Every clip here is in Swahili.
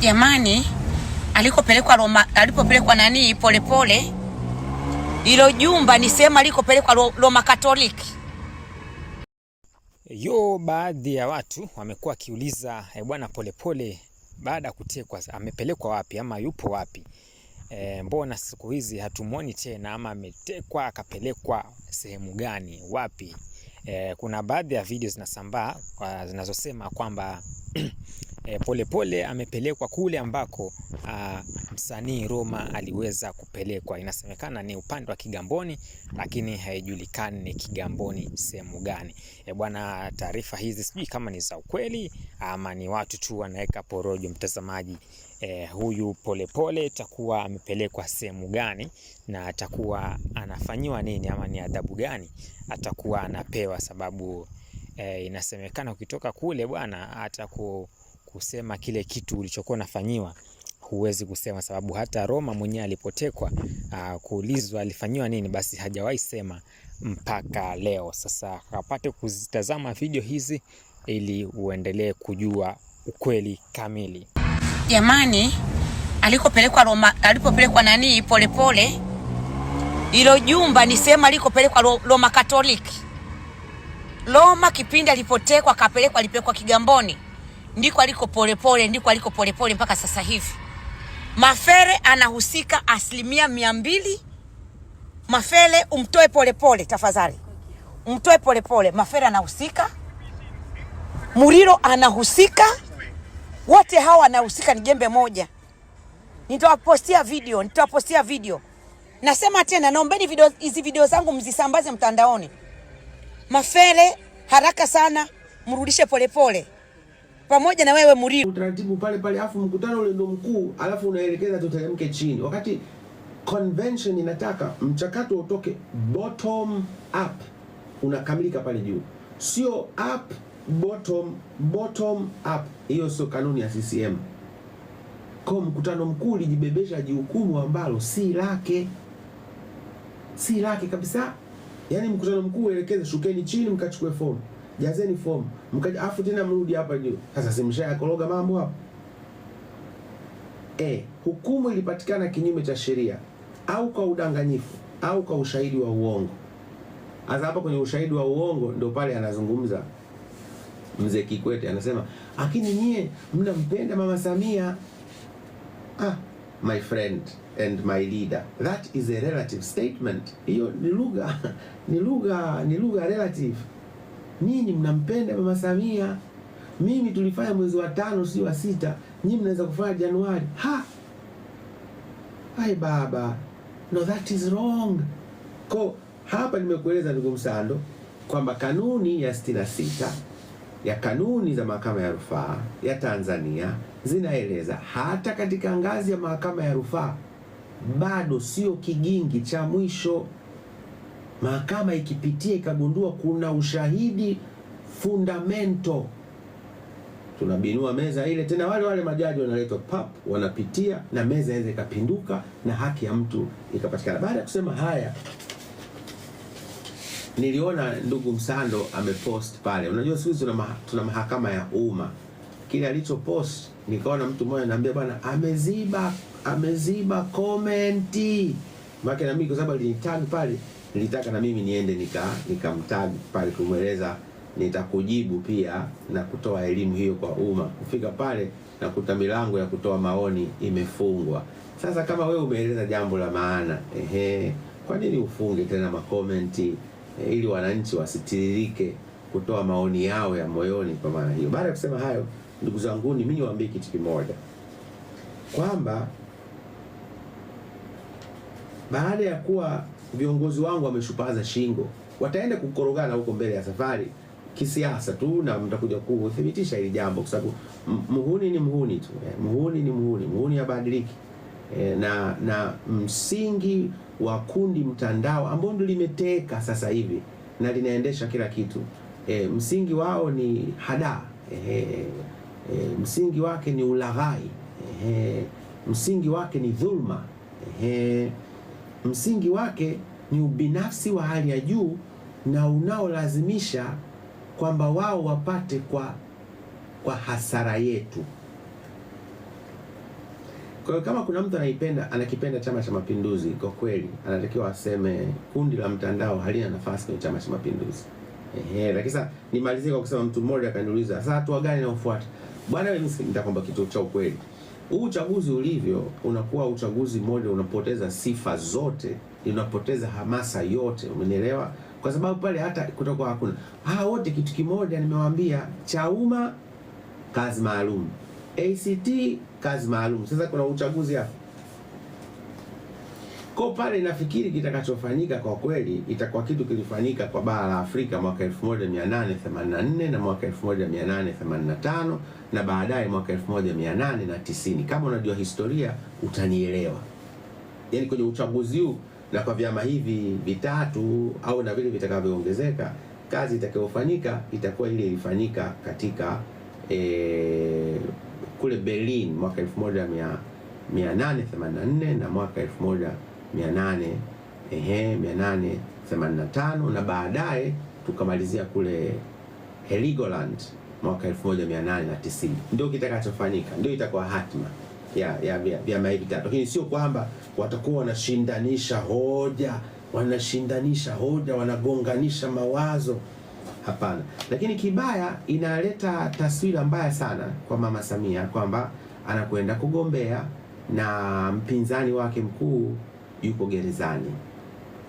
jamani, alikopelekwa Roma, alipopelekwa nani Polepole, Ilo jumba ni sehemu alikopelekwa Roma Catholic. Yo, baadhi ya watu wamekuwa wakiuliza e, bwana Polepole baada ya kutekwa amepelekwa wapi ama yupo wapi? E, mbona siku hizi hatumwoni tena, ama ametekwa akapelekwa sehemu gani wapi? E, kuna baadhi ya video zinasambaa zinazosema kwamba Polepole eh, amepelekwa kule ambako ah, msanii Roma aliweza kupelekwa, inasemekana ni upande wa Kigamboni, lakini haijulikani ni Kigamboni sehemu gani. E bwana, taarifa hizi sijui kama ni za ukweli ama ni watu tu wanaweka porojo. Mtazamaji e, huyu Polepole atakuwa amepelekwa sehemu gani na atakuwa anafanyiwa nini ama ni adhabu gani atakuwa anapewa? Sababu e, inasemekana ukitoka kule bwana ku, kusema kile kitu ulichokuwa unafanyiwa huwezi kusema, sababu hata Roma mwenyewe alipotekwa, uh, kuulizwa alifanyiwa nini, basi hajawahi sema mpaka leo. Sasa kapate kuzitazama video hizi ili uendelee kujua ukweli kamili. Jamani, alikopelekwa Roma, alipopelekwa nani Polepole, hilo jumba ni sehemu alikopelekwa Roma Katoliki. Roma kipindi alipotekwa, kapelekwa, alipelekwa Kigamboni ndiko aliko Polepole, ndiko aliko Polepole mpaka sasa hivi. Mafere anahusika asilimia mia mbili. Mafere umtoe Polepole tafadhali, umtoe Polepole. Mafere anahusika, Muriro anahusika, wote hawa anahusika, ni jembe moja. Nitawapostia video, nitawapostia video. Nasema tena, naombeni video hizi, video zangu mzisambaze mtandaoni. Mafere haraka sana, mrudishe Polepole pamoja na wewe Muriu. Utaratibu pale pale, afu mkutano ule ndio mkuu, alafu unaelekeza tuteremke chini, wakati convention inataka mchakato utoke bottom up, unakamilika pale juu, sio up bottom bottom up. Hiyo sio kanuni ya CCM. Kwa mkutano mkuu ulijibebesha jukumu ambalo si lake, si lake kabisa. Yaani mkutano mkuu uelekeze, shukeni chini mkachukue fomu jazeni fomu mkaja, afu tena mrudi hapa juu. Sasa simshayakoroga mambo hapo e, hukumu ilipatikana kinyume cha sheria au kwa udanganyifu au kwa ushahidi wa uongo. Sasa hapa kwenye ushahidi wa uongo ndio pale anazungumza mzee Kikwete, anasema lakini nyie mnampenda mama Samia. Ah, my friend and my leader, that is a relative statement. Hiyo ni lugha ni lugha ni lugha relative nyinyi mnampenda Mama Samia, mimi tulifanya mwezi wa tano, si wa sita, nyinyi mnaweza kufanya Januari. Ha, ai baba, no that is wrong. Ko hapa nimekueleza ndugu Msando kwamba kanuni ya 66 ya kanuni za mahakama ya rufaa ya Tanzania zinaeleza hata katika ngazi ya mahakama ya rufaa bado sio kigingi cha mwisho mahakama ikipitia ikagundua kuna ushahidi fundamento, tunabinua meza ile tena, wale wale majaji wanaletwa pap, wanapitia na meza iweze ikapinduka na haki ya mtu ikapatikana. Baada ya kusema haya, niliona ndugu Msando amepost pale. Unajua siku hizi tuna mahakama ya umma, kile post nikaona mtu mmoja ananiambia, bwana ameziba ameziba komenti make, na mimi kwa sababu alinitag pale nilitaka na mimi niende nika nikamtag pale kumweleza nitakujibu pia na kutoa elimu hiyo kwa umma. Kufika pale nakuta milango ya kutoa maoni imefungwa. Sasa kama wewe umeeleza jambo la maana ehe, kwa nini ufunge tena makomenti e, ili wananchi wasitiririke kutoa maoni yao ya moyoni. Kwa maana hiyo, baada ya kusema hayo, ndugu ni mimi niwaambie kitu kimoja kwamba baada ya kuwa viongozi wangu wameshupaza shingo, wataenda kukorogana huko mbele ya safari kisiasa tu, na mtakuja kuthibitisha hili jambo, kwa sababu muhuni ni muhuni tu eh, muhuni ni muhuni, muhuni habadiliki eh, na na msingi wa kundi mtandao ambao ndio limeteka sasa hivi na linaendesha kila kitu eh, msingi wao ni hadaa eh, eh, msingi wake ni ulaghai eh, msingi wake ni dhulma eh, msingi wake ni ubinafsi wa hali ya juu na unaolazimisha kwamba wao wapate kwa, kwa hasara yetu. Kwa hiyo kama kuna mtu anaipenda anakipenda Chama cha Mapinduzi, kwa kweli anatakiwa aseme kundi la mtandao halina nafasi kwenye Chama cha Mapinduzi. Ehe, lakini sasa nimalizie kwa kusema, mtu mmoja akaniuliza, sasa hatua gani inayofuata? Bwana, mimi nitakwambia kitu cha ukweli huu uchaguzi ulivyo unakuwa uchaguzi mmoja, unapoteza sifa zote, unapoteza hamasa yote, umenielewa? Kwa sababu pale hata kutakuwa hakuna hawa wote. Kitu kimoja nimewaambia, Chauma kazi maalum, ACT kazi maalum. Sasa kuna uchaguzi hapa kwa pale nafikiri kitakachofanyika kwa kweli itakuwa kitu kilifanyika kwa bara la Afrika mwaka 1884 na mwaka 1885 na baadaye mwaka 1890. Kama unajua historia utanielewa. Yaani kwenye uchaguzi huu na kwa vyama hivi vitatu au na vile vitakavyoongezeka, kazi itakayofanyika itakuwa ile ilifanyika katika e, kule Berlin mwaka 1884 na mwaka 1890. 800 ehe 885 na baadaye tukamalizia kule Heligoland mwaka 1890. Ndio kitakachofanyika, ndio itakuwa hatima ya ya vyama hivi tatu, lakini sio kwamba watakuwa wanashindanisha hoja wanashindanisha hoja wanagonganisha mawazo, hapana. Lakini kibaya, inaleta taswira mbaya sana kwa Mama Samia kwamba anakwenda kugombea na mpinzani wake mkuu yuko gerezani.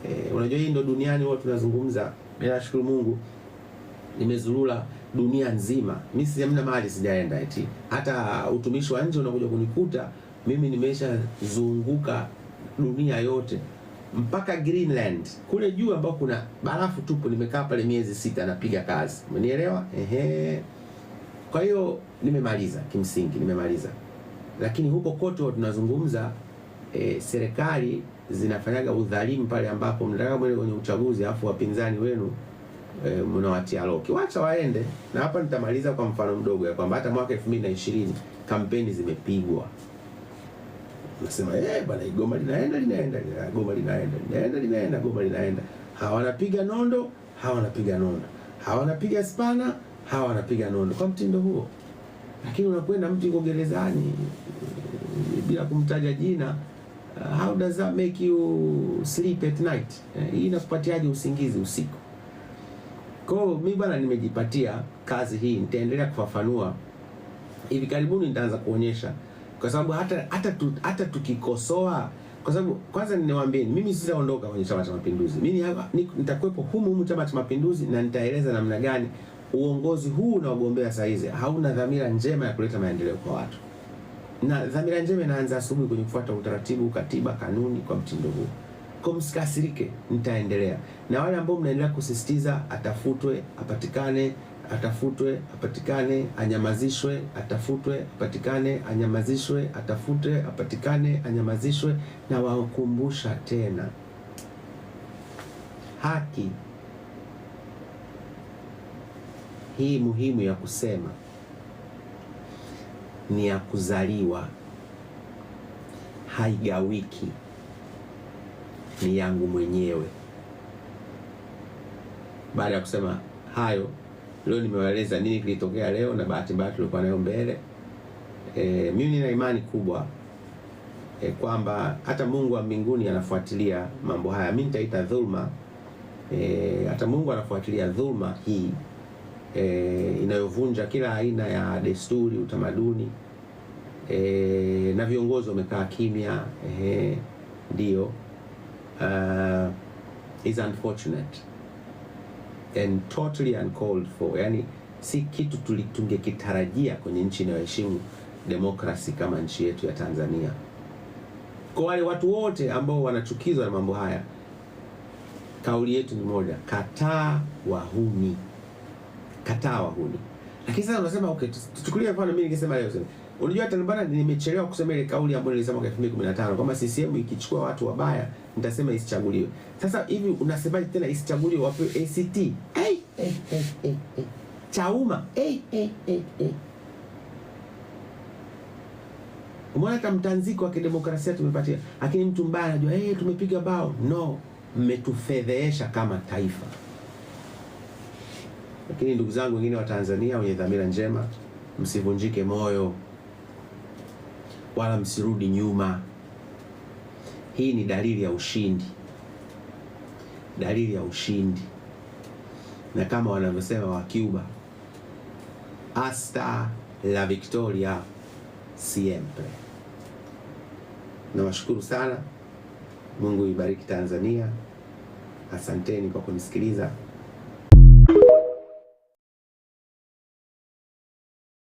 E, unajua hii ndo duniani huwa tunazungumza. Mimi nashukuru Mungu nimezurura dunia nzima, mimi si amna mahali sijaenda, eti hata utumishi wa nje unakuja kunikuta mimi nimeshazunguka dunia yote mpaka Greenland kule juu ambao kuna barafu tupo, nimekaa pale miezi sita napiga kazi, umenielewa? Ehe, kwa hiyo nimemaliza, kimsingi nimemaliza, lakini huko kote tunazungumza e, serikali zinafanyaga udhalimu pale ambapo mnataka mwende kwenye uchaguzi afu wapinzani wenu e, mnawatia loki, wacha waende. Na hapa nitamaliza kwa mfano mdogo ya kwamba hata mwaka 2020 kampeni zimepigwa, nasema eh, bwana Igoma linaenda linaenda Igoma linaenda linaenda linaenda Igoma linaenda, hawa wanapiga nondo, hawa wanapiga nondo, hawa wanapiga spana, hawa wanapiga nondo, kwa mtindo huo. Lakini unakwenda mtu yuko gerezani bila kumtaja jina Uh, how does that make you sleep at night? Uh, hii inakupatiaje usingizi usiku? Kwa hiyo mimi bwana, nimejipatia kazi hii, nitaendelea kufafanua. Hivi karibuni nitaanza kuonyesha, kwa sababu hata hata tu, hata tukikosoa, kwa sababu kwanza ninawaambia mimi sitaondoka kwenye Chama cha Mapinduzi. Mimi hapa nitakuwepo humu humu Chama cha Mapinduzi na nitaeleza namna gani uongozi huu unaogombea saa hizi hauna dhamira njema ya kuleta maendeleo kwa watu na dhamira njema inaanza asubuhi kwenye kufuata utaratibu, katiba, kanuni kwa mtindo huu. Kwa msikasirike, nitaendelea. Na wale ambao mnaendelea kusisitiza atafutwe, apatikane, atafutwe, apatikane, anyamazishwe, atafutwe, apatikane, anyamazishwe, atafutwe, apatikane, anyamazishwe, na wakumbusha tena haki hii muhimu ya kusema ni ya kuzaliwa, haigawiki, ni yangu mwenyewe. Baada ya kusema hayo, leo nimewaeleza nini kilitokea leo na bahati mbaya tulikuwa nayo mbele. E, mimi nina imani kubwa e, kwamba hata Mungu wa mbinguni anafuatilia mambo haya. Mimi nitaita dhulma e, hata Mungu anafuatilia dhulma hii e, inayovunja kila aina ya desturi, utamaduni e, na viongozi wamekaa kimya e, ndio uh, is unfortunate and totally uncalled for. Yani si kitu tungekitarajia kwenye nchi inayoheshimu demokrasi kama nchi yetu ya Tanzania. Kwa wale watu wote ambao wanachukizwa na mambo haya, kauli yetu ni moja: kataa wahuni kataa wahuni. Lakini sasa unasema okay, tuchukulie mfano mimi ningesema leo sasa. Unajua Tanbana nimechelewa kusema ile kauli ambayo nilisema mwaka 2015 kwamba CCM ikichukua watu wabaya nitasema isichaguliwe. Sasa hivi unasemaje tena isichaguliwe wape ACT? Hey, hey, hey, hey, hey. Chauma. Hey, hey, hey, hey. Umeona kama mtanziko wa kidemokrasia tumepatia. Lakini mtu mbaya anajua, "Eh, hey, tumepiga bao. No, mmetufedheesha kama taifa. Lakini ndugu zangu wengine wa Tanzania wenye dhamira njema, msivunjike moyo wala msirudi nyuma. Hii ni dalili ya ushindi, dalili ya ushindi. Na kama wanavyosema wa Cuba, hasta la victoria siempre. Nawashukuru sana. Mungu ibariki Tanzania. Asanteni kwa kunisikiliza.